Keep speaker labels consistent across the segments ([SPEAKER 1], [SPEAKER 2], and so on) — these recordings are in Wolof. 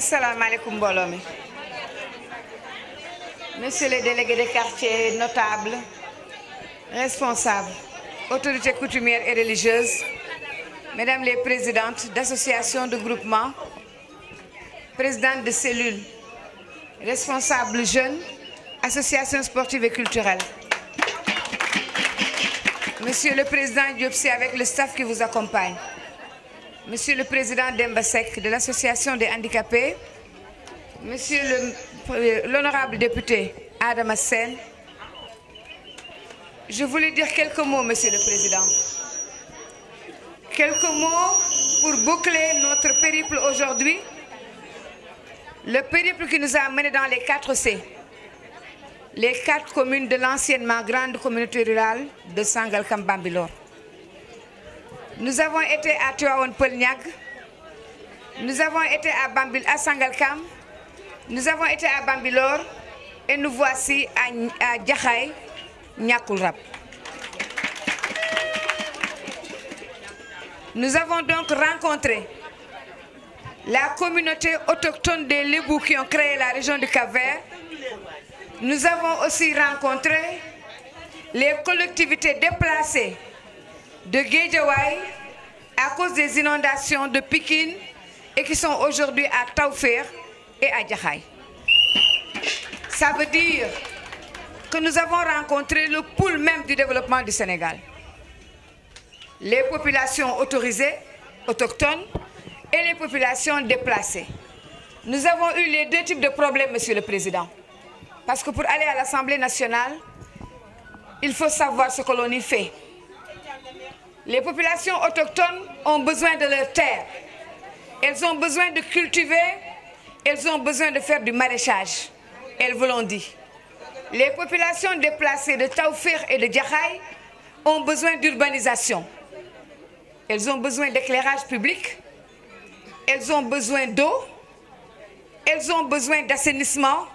[SPEAKER 1] rahmatullahi wa monsieur les délégués des quartiers notables responsables autorités coutumières et religieuses mesdames les présidentes d'associations de groupements, présidentes de cellules responsables jeunes associations sportives et culturelles monsieur le président du avec le staff qui vous accompagne Monsieur le Président d'Embasek de l'Association des handicapés, Monsieur euh, l'honorable député Adam Hassen, je voulais dire quelques mots, Monsieur le Président. Quelques mots pour boucler notre périple aujourd'hui, le périple qui nous a amenés dans les 4 C, les quatre communes de l'anciennement grande communauté rurale de sangal bambilor nous avons été à tuaon nous avons été à Bambil, à Sangalkam, nous avons été à Bambilor et nous voici à, à Djahaï, Nous avons donc rencontré la communauté autochtone des Libou qui ont créé la région du cap Nous avons aussi rencontré les collectivités déplacées de Guédiawaye, à cause des inondations de Pékin et qui sont aujourd'hui à Taoufir et à Djahaï. Ça veut dire que nous avons rencontré le pouls même du développement du Sénégal. Les populations autorisées, autochtones, et les populations déplacées. Nous avons eu les deux types de problèmes, Monsieur le Président. Parce que pour aller à l'Assemblée nationale, il faut savoir ce que l'on y fait. Les populations autochtones ont besoin de leurs terres. Elles ont besoin de cultiver, elles ont besoin de faire du maraîchage. Elles vous l'ont dit. Les populations déplacées de Taoufir et de Djahaï ont besoin d'urbanisation. Elles ont besoin d'éclairage public, elles ont besoin d'eau, elles ont besoin d'assainissement,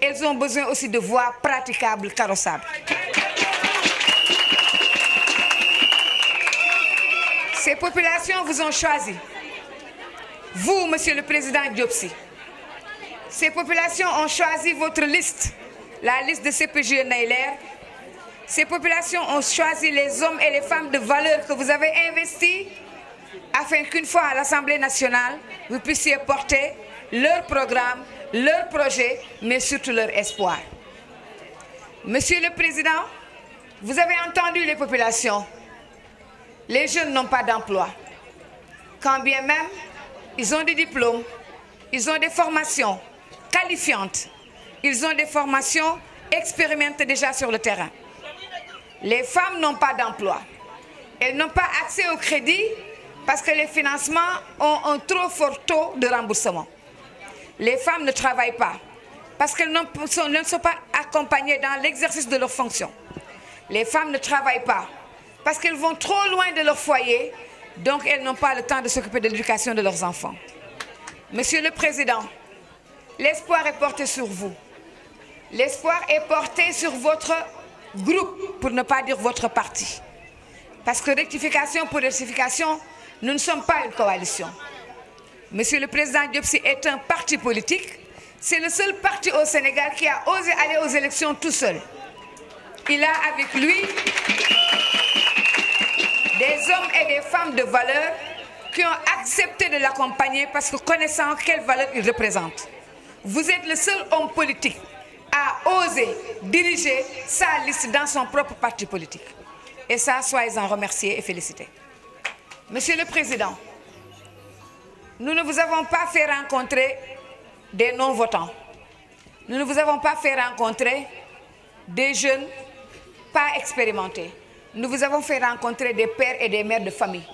[SPEAKER 1] elles ont besoin aussi de voies praticables, carrossables. Ces populations vous ont choisi. Vous, Monsieur le Président Diopsi. Ces populations ont choisi votre liste, la liste de CPJ Nailer. Ces populations ont choisi les hommes et les femmes de valeur que vous avez investis afin qu'une fois à l'Assemblée nationale, vous puissiez porter leur programme, leur projet, mais surtout leur espoir. Monsieur le Président, vous avez entendu les populations les jeunes n'ont pas d'emploi. Quand bien même, ils ont des diplômes, ils ont des formations qualifiantes, ils ont des formations expérimentées déjà sur le terrain. Les femmes n'ont pas d'emploi. Elles n'ont pas accès au crédit parce que les financements ont un trop fort taux de remboursement. Les femmes ne travaillent pas parce qu'elles ne sont pas accompagnées dans l'exercice de leurs fonctions. Les femmes ne travaillent pas parce qu'elles vont trop loin de leur foyer, donc elles n'ont pas le temps de s'occuper de l'éducation de leurs enfants. Monsieur le Président, l'espoir est porté sur vous. L'espoir est porté sur votre groupe, pour ne pas dire votre parti. Parce que rectification pour rectification, nous ne sommes pas une coalition. Monsieur le Président Diopsi est un parti politique. C'est le seul parti au Sénégal qui a osé aller aux élections tout seul. Il a avec lui des hommes et des femmes de valeur qui ont accepté de l'accompagner parce que connaissant quelle valeur il représente. Vous êtes le seul homme politique à oser diriger sa liste dans son propre parti politique. Et ça, soyez-en remerciés et félicités. Monsieur le Président, nous ne vous avons pas fait rencontrer des non-votants. Nous ne vous avons pas fait rencontrer des jeunes pas expérimentés. Nous vous avons fait rencontrer des pères et des mères de famille,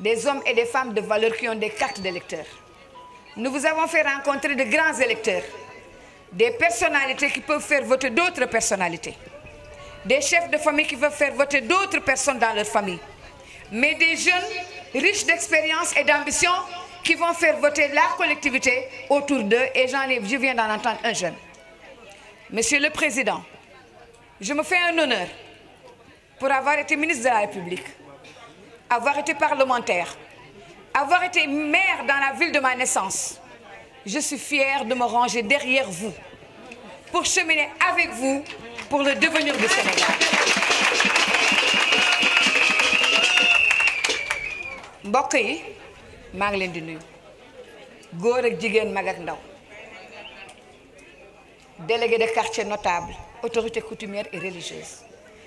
[SPEAKER 1] des hommes et des femmes de valeur qui ont des cartes d'électeurs. Nous vous avons fait rencontrer de grands électeurs, des personnalités qui peuvent faire voter d'autres personnalités, des chefs de famille qui veulent faire voter d'autres personnes dans leur famille, mais des jeunes riches d'expérience et d'ambition qui vont faire voter la collectivité autour d'eux et j'en ai, je viens d'en entendre un jeune. Monsieur le Président, je me fais un honneur pour avoir été ministre de la République, avoir été parlementaire, avoir été maire dans la ville de ma naissance, je suis fière de me ranger derrière vous pour cheminer avec vous pour le devenir du Sénégal. Mboké, yi ngi di délégué des quartiers notables, autorité coutumière et religieuse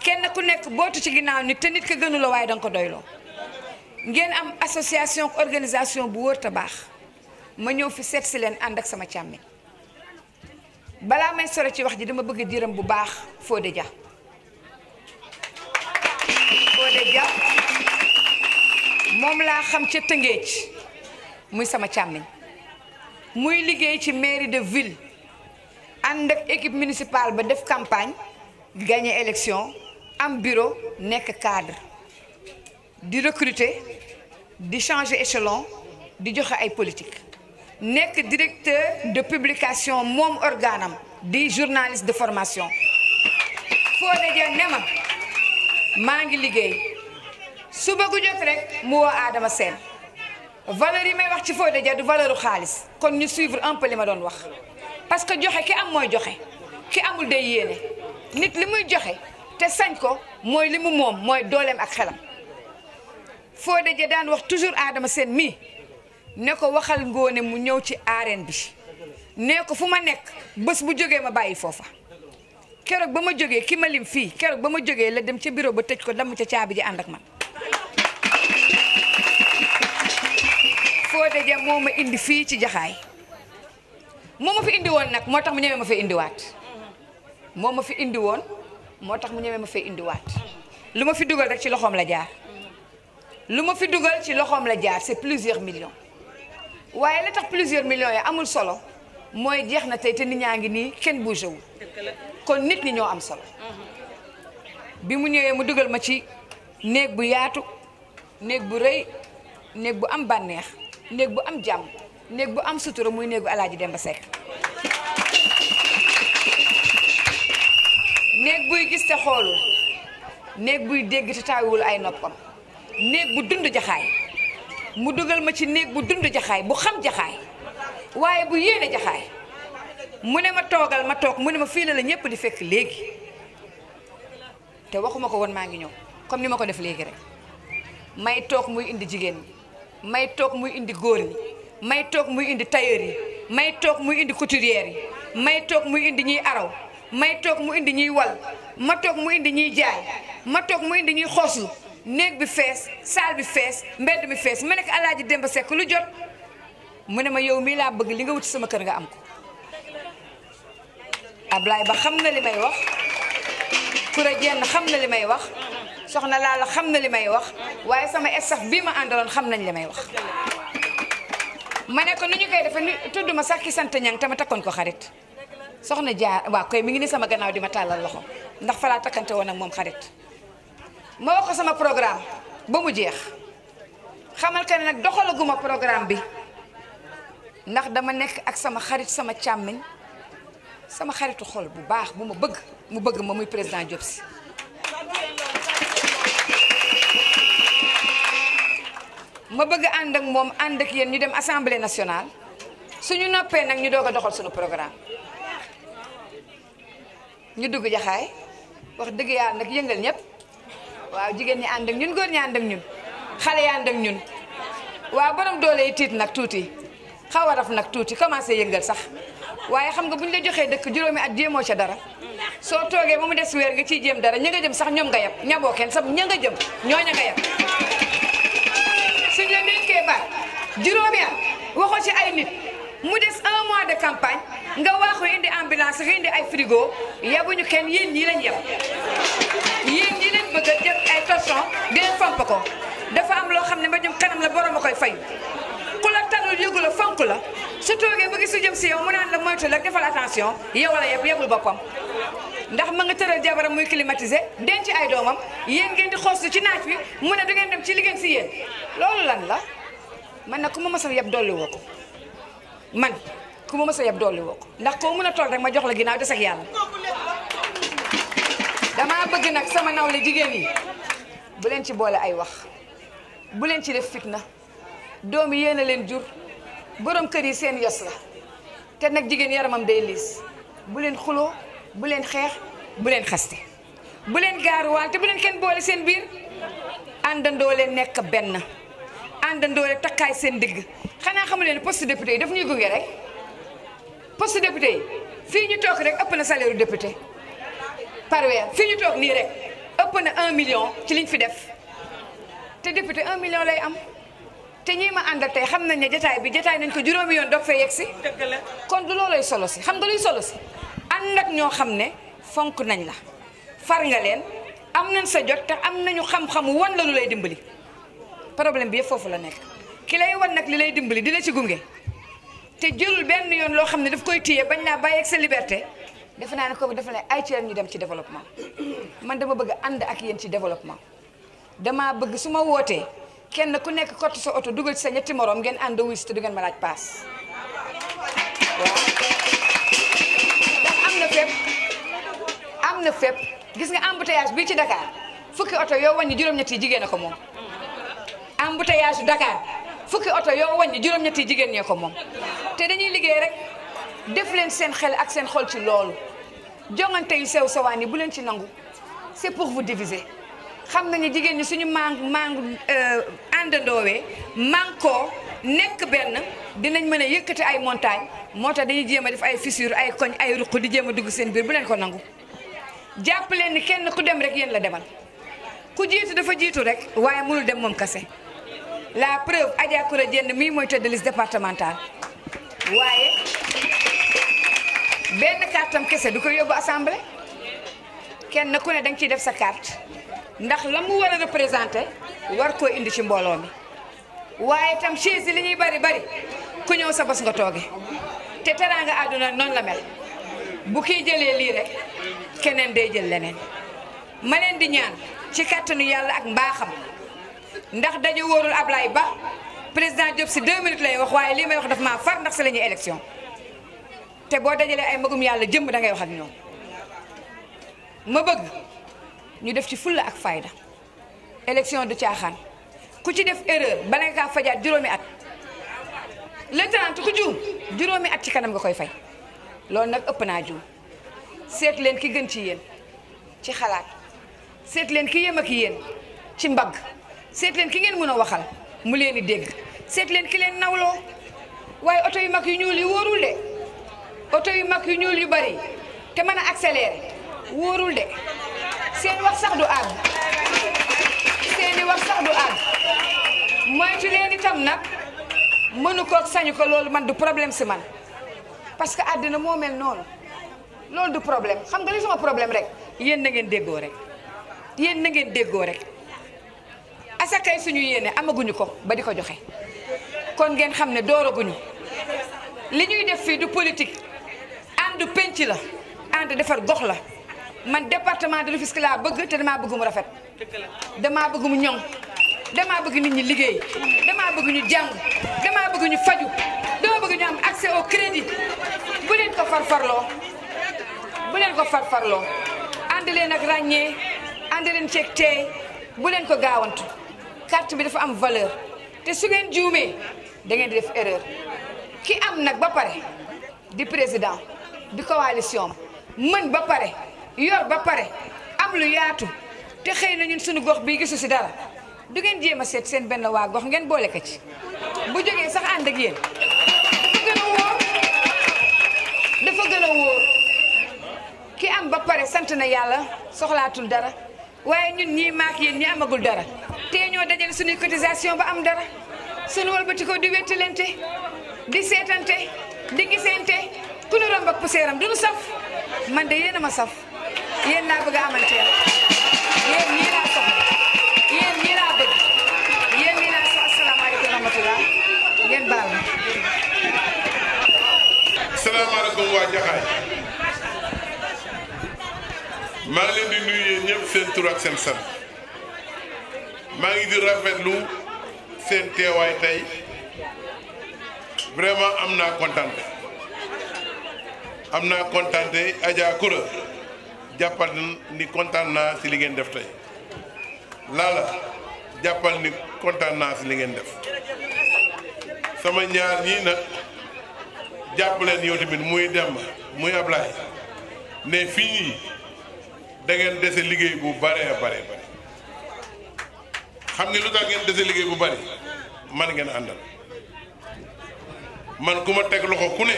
[SPEAKER 1] Qui ku nek botu ci ginaaw nit te nit ke la way ko doylo ngeen am association organisation bu ma ñëw fi set ci leen je ak sama chammi la may sore ci wax ji dama bëgg diiram bu de moom la xam muy sama muy mairie de ville et ak équipe municipale ba def campagne gagner élection am bureau nek cadre di recruter di changer échelon di joxe ay politique Nek directeur de publication mom organam di journaliste de formation Fo daje ne Mangi maa Su liggéey suba jot rek mu woo Adama Sène valeur yi may wax ci fo Dia du valeur u kon ñu suivre un peu lima ma doon wax parce que joxe ki am moy joxe ki amul day yéene nit limuy muy joxe te sañ ko mooy li mu moom mooy dooleem ak xelam Fodé Dia daan wax toujours Adama Sène mii ne ko waxal ngoone mu ñëw ci arène bi ne ko fu ma nekk bés bu jógee ma bàyyi foofa keroog ba ma jógee ki ma lim fii keroog ba ma jógee la dem ci bureau ba tëj ko damm ca caabi ji ànd ak man Fodé Dia moo ma indi fii ci jaxaay moo ma fi indi woon nag moo tax mu ñëwee ma fi indiwaat moo ma fi indi woon moo tax mu ñemee ma fee indiwaat lu ma fi dugal rek ci loxoom la jaar lu ma fi dugal ci loxoom la jaar c'est plusieurs millions waaye la tax plusieurs millions yi amul solo mooy jeex na tey te nit ñaa ngi nii kenn bougé wul kon nit ñi ñoo am solo bi mu ñëwee mu dugal ma ci néeg bu yaatu néeg bu rëy néeg bu am bànneex néeg bu am jàmm néeg bu am sutura muy néegu dem ba Seck néeg buy gis ca xool néeg buy dégg te ay noppam néeg bu dund jaxaay mu dugal ma ci néeg bu dund jaxaay bu xam jaxaay waaye bu yéene jaxaay mu ne ma toogal ma toog mu ne ma fii la la ñëpp di fekk léegi te waxuma ko woon maa ngi ñëw comme ni ma ko def léegi rek may toog muy indi jigéen ñi may toog muy indi góor ñi may toog muy indi tailleur yi may toog muy indi couturière yi may toog muy indi ñuy araw may toog mu indi ñuy wal ma toog mu indi ñuy jaay ma toog mu indi ñuy xooslu néeg bi fees saal bi fees mbedd mi fees ma nekk alaaji Demba Seck lu jot mu ne ma yow mii laa bëgg li nga wuti sama kër nga am ko Ablaye ba xam na li may wax Koura Dieng xam na li may wax soxna Lalla xam na li may wax waaye sama staff bii ma àndaloon xam nañ li may wax ma ne ko nu ñu koy defee tudd ma sax ki sant ñan te ma takkoon ko xarit soxna ja wa koy mi ngi ni sama gannaaw di ma talal loxo ndax fala takkante won ak mom xarit ma wax sama programme ba mu jeex xamal ka nak doxalaguma programme bi ndax dama nek ak sama xarit sama càmmiñ sama xaritu xol bu baax bu ma bëgg mu bëgg ma muy president Diop ma bëgg and ak mom and ak yéen ñu dem assemblée nationale suñu noppé nak ñu doog doxal suñu programme ñu dugg jaxaay wax dëgg yàlla nag yëngal ñëpp waaw jigéen ñi ànd ak ñun góor ñi ànd ak ñun xale yi ànd ñun waaw borom doole yi tiit nag tuuti xaw nag tuuti commencé yëngal sax waaye xam nga bu ñu la joxee dëkk juróomi at jéemoo ca dara soo toogee ba mu des weer nga ci jéem dara ña nga jëm sax ñoom nga yab ñaboo kenn sax ña jëm ñooña nga yab suñ la dénkee baat juróomi at waxoo ci ay nit. mu des un mois de campagne nga waaxu indi ambulance nga indi ay frigo yabuñu kenn yéen ñii lañ yeb yéen ñii leen bëgg a jël ay torchon di leen fomp ko dafa am loo xam ne mbajum kanam la borom a koy fay ku la tanul yëgu la fonk la su toogee ba gisu jëm si yow mu naan la moytu la defal attention yow la yeb yebul boppam ndax ma nga tëral jabaram muy climatisé ci ay doomam yéen ngeen di xoostu ci naaj wi mu ne du ngeen dem ci liggéey si yéen loolu lan la man na ku ma mosal yeb dolli woo ko man ku ma mës a yeb dolli woo ko ndax koo mën a toll rek ma jox la ginnaaw des ak yàlla damaa bëgg nag sama nawle jigéen yi bu leen ci boole ay wax bu leen ci def fitna doom yi yéen leen jur boroom kër yi seen yos la te nag jigéen yaramam day liis bu leen xuloo bu leen xeex bu leen xaste bu leen gaaruwaal te bu leen kenn boole seen biir àndandoo leen nekk benn àndandoo rek takkaay seen digg xanaa xamu leen poste député yi daf ñuy gunge rek poste député yi fii ñu toog rek ëpp na salaire député par weer fii ñu toog nii rek ëpp na un million ci liñ fi def te député un million lay am te ñii ma àndal tey xam nañ ne jataay bi jataay nañ ko juróomi yoon dog fee yegg si kon loolu loolay solo si xam nga luy solo si ànd ak ñoo xam ne fonk nañ la far nga leen am nañ sa jot te am nañu xam-xam wan lañu lay dimbali problème bi yëpp foofu la nekk kilo lay nag li lay dimbali di la ci gunge te jëlul benn yoon loo xam ne daf koy téye bañ naa bàyyi ak sa liberté defe naa ne kooku dafa ne ay ci ñu dem ci développement man dama bëgg ànd ak yéen ci développement damaa bëgg su ma wootee kenn ku nekk kott sa oto dugal ci sa ñetti morom ngeen ànd wuy si te du ma laaj paas ndax am na fépp am na fépp gis nga embouteillage bii ci Dakar fukki oto yow yoo wàññi juróom-ñett yi jigéen ko moom embouteillage Dakar fukki oto yoo wàññi juróom-ñetti jigéen ñee ko moom te dañuy liggéey rek def leen seen xel ak seen xol ci loolu jongante yu sew sawaan yi bu leen ci nangu c'est pour vous diviser xam nañu jigéen ñi suñu mang mang euh, àndandoowee mànkoo nekk benn dinañ mën a yëkkati ay montagne moo tax dañuy jéem a def ay fissure ay koñ ay ruq di jéem a dugg seen biir bu leen ko nangu jàpp leen ni kenn ku dem rek yéen la demal ku jiitu dafa jiitu rek waaye mënul dem moom kase la preuve Adja Koura Dieng mii mooy tëdd liste départementale waaye benn kàrtam kese du ko yóbbu assemblée kenn ku ne da nga ciy def sa carte ndax la mu war a représenté war koo indi ci mbooloo mi waaye tam chaise li ñuy bari bari ku ñëw sa bos nga tooge te teraanga àdduna noonu la mel bu kiy jëlee lii rek keneen day jël leneen ma leen di ñaan ci kàttanu yàlla ak mbaaxam. ndax dañu wóorul Ablaye Ba président Diop si deux minutes lay wax waaye lii may wax daf maa far ndax si la élection te boo dajalee ay magum yàlla jëm da ngay wax ak ñoom ma bëgg ñu def ci fulla ak fayda élection du caaxaan ku ci def erreur bala nga kaa fajaat juróomi at le 30 ku juum juróomi at ci kanam nga koy fay loolu nag ëpp naa juum seet leen ki gën ci yéen ci xalaat seet leen ki yem ki yéen ci mbagg seet leen ki ngeen mën a waxal mu leen di dégg seet leen ki leen nawloo waaye oto yu mag yu ñuul yi wóorul de oto yu mag yu ñuul yu bari te mën a accéléré wóorul de seen wax sax du àgg seeni wax sax du àgg moytu leen itam nag mënu kook sañu ko loolu man du problème si man parce que àddina moo mel noonu loolu du problème xam nga li sama problème rek yéen na ngeen déggoo rek yéen na ngeen déggoo rek asakay suñu yéene amaguñu ko ba di ko joxe kon ngeen xam ne dooraguñu li ñuy def fii du politique ànd penc la ànd defar gox la man departement de Rufisque laa bëgg te damaa bëgg mu rafet damaa bëgg mu ñoŋ damaa bëgg nit ñi liggéey damaa bëgg ñu jàng damaa bëgg ñu faju dama bëgg ñu am accès au crédit bu leen ko farfarloo bu leen ko farfarloo ànd leen ak ràññee ànd leen ceeg teey bu leen ko gaawant carte bi dafa am valeur te su ngeen juumee da ngeen di def erreur ki am nag ba pare di président di coalition mën ba pare yor ba pare am lu yaatu te xëy na suñu gox bii gisu si dara du ngeen jéem a seet seen benn waa gox ngeen boole ko ci bu jógee sax ànd ak yéen dafa gën a wóor dafa gën a wóor ki am ba pare sant na yàlla soxlaatul dara waaye ñun ñii maak yéen ñi amagul dara te ñoo dajale suñuy cotisation ba am dara suñu walbatikoo di wéttalante di seetante di gisante ku nu romb ak puseeram duñu saf man de yéen a ma saf yéen naa bëgg a amanteel yéen ñii laa soxla yéen ñii laa bëgg yéen ñii laa soxla asalaamaaleykum wa rahmatulah baal ma.
[SPEAKER 2] salaamaaleykum waa Jaxaay. maa leen di nuyu yéen seen tur ak seen sant maa ngi di lu seen teewaay tey vraiment am naa kontante am na kontante Adja Koura jàppal ni kontaan naa si li ngeen def tey laala jàppal ni kontaan naa si li ngeen def sama ñaar ñii nag jàpp leen yow tamit muy demb muy Ablaye ne fii. dagen dese liggéey bu bare bare bare xam nga lu ngeen dese liggéey bu bare man ngeen andal man kuma tek loxo ku ne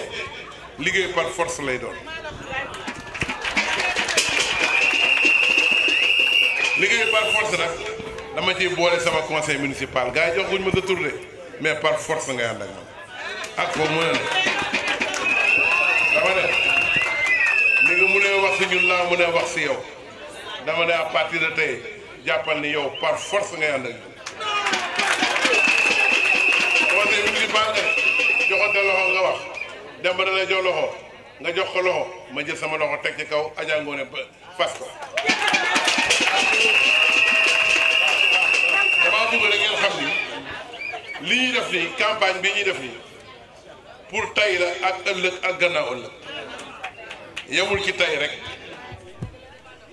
[SPEAKER 2] liggéey par force lay doon liggéey par force nak dama ci bolé sama conseil municipal gars yi jox guñ ma sa tur mais par force ngay ànd ak man ak foofu mu ne dama ne li nga mu ne wax ci ñun la mu ne wax ci yow dama né à partir de tay jappal ni yow par force ngay ànd ak yow conseil municipal joxo joxante loxo nga wax Demba dana jox loxo nga jox ko loxo ma jël sama loxo tek ci kaw Adja Ngoné ba fas ko dama bëgg rek ngeen xam ni li ñi def ni campagne bi ñi def ni pour tay la ak ëlëk ak gannaaw ëllëg yamul ci tay rek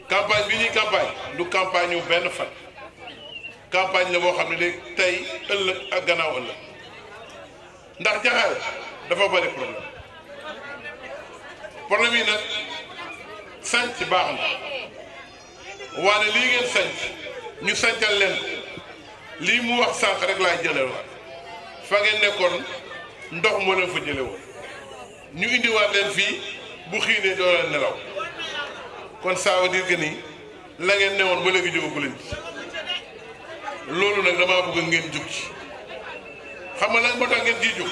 [SPEAKER 2] campagne bi ñuy campagne du campagne yu benn fan campagne la boo xam ne léegi tey ëllëg ak gannaaw ëllëg ndax jaxaay dafa bari problème problème yi nag sanc baax na waane lii ngeen sanc ñu sancal leen lii mu wax sànq rek laay jële waat fa nekkoon ndox moo leen fa jële woon ñu indiwaat leen fii bu xiinee doo nelaw kon sa wa dir que la ngeen newoon ba legi jógagu leen lolu nak dama bëgg ngeen juk ci xam nga lan moo tax ngeen di juk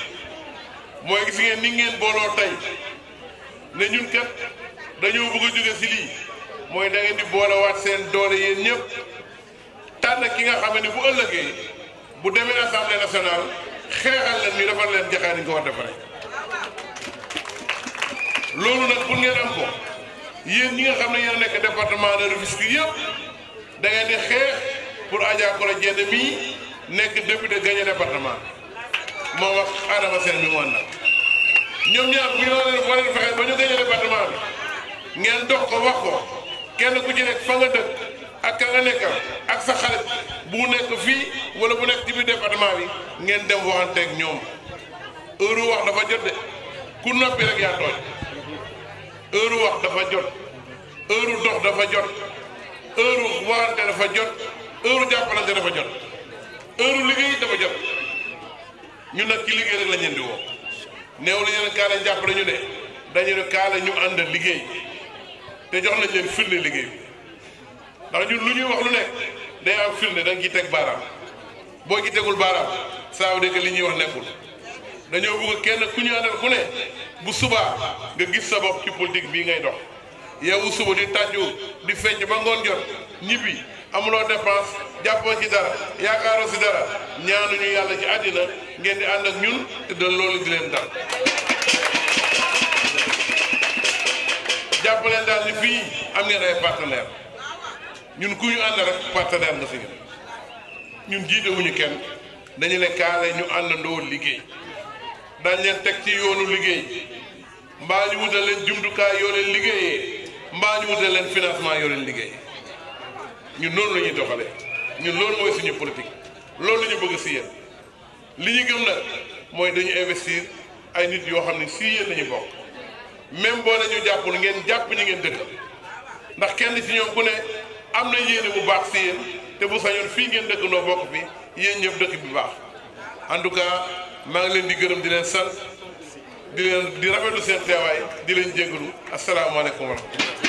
[SPEAKER 2] moy fi ngeen ni ngeen bolo tay ne ñun kat dañu bëgg a ci li moy da ngeen di bolo wat seen doole yeen ñëpp tan ki nga xam ni bu ëllëgé bu démé assemblée nationale xéxal leen ñu dafa leen jaxaar ni ko war defaree lolu nak bu ngeen am ko. yéen ñi nga xam ne yéen nekk département de Rufisque yëpp da ngeen di xeex pour Adja Koro Dieng mii nekk député gagné département moom ak Adama Sène mi mu ànd ak ñoom ñaar bu ñu la leen ba ñu gagné département bi ngeen dox ko wax ko kenn ku ci nekk fa nga dëkk ak ka nga nekkal ak sa xarit bu nekk fii wala bu nekk ci biir département bi ngeen dem waxanteeg ñoom heure wax dafa jot de ku noppi rek yaa tooñ. heure wax dafa jot heure dox dafa jot heure waxante dafa jot heure jàppalante dafa jot heure liggéey dafa jot ñu nag ci liggéey rek la ñeen di woo néew la ñeen kaala jàppale ñu ne dañu ne kaala ñu ànd liggéey te jox nañ leen firnde liggéey ndax ñun lu ñuy wax lu nekk day am firnde da nga ciy teg baaraam boo ci tegul baaraam saa wu nekk li ñuy wax nekkul dañoo bëgg kenn ku ñu àndal ku ne bu suba nga gis sa bopp ci politique bii ngay dox yow suba di tàjju di fecc ba ngoon jot ñibbi amuloo dépense jàppoo ci dara yaakaaroo si dara ñaanuñu yàlla ci àddina ngeen di ànd ñun te doon loolu leen dal jàpp leen daal ni fii am ngeen ay partenaire ñun ku ñu ànd rek partenaire nga si ñun jiitewuñu kenn dañu ne kaale ñu àndandoo liggéey dañ leen teg ci yoonu liggéey mbaa ñu wutal leen jumtukaay yoo leen liggéeyee mbaa ñu wutal leen financement yoo leen liggéey ñu noonu la ñuy doxalee ñun loolu mooy suñu politique loolu la ñu bëgg si yéen li ñu gëm nag mooy dañu investir ay nit yoo xam ne si yéen la ñu bokk même boo nañu jàppul ngeen jàpp ñi ngeen dëkk ndax kenn ci ñoom ku ne am na yéene bu baax si yéen te bu sañoon fii ngeen dëkk noo bokk fi yéen ñëpp dëkk bi baax en maa ngi leen di gërëm di leen sant di leen di rafetlu seen teewaay di leen jégalu asalaamaaleykum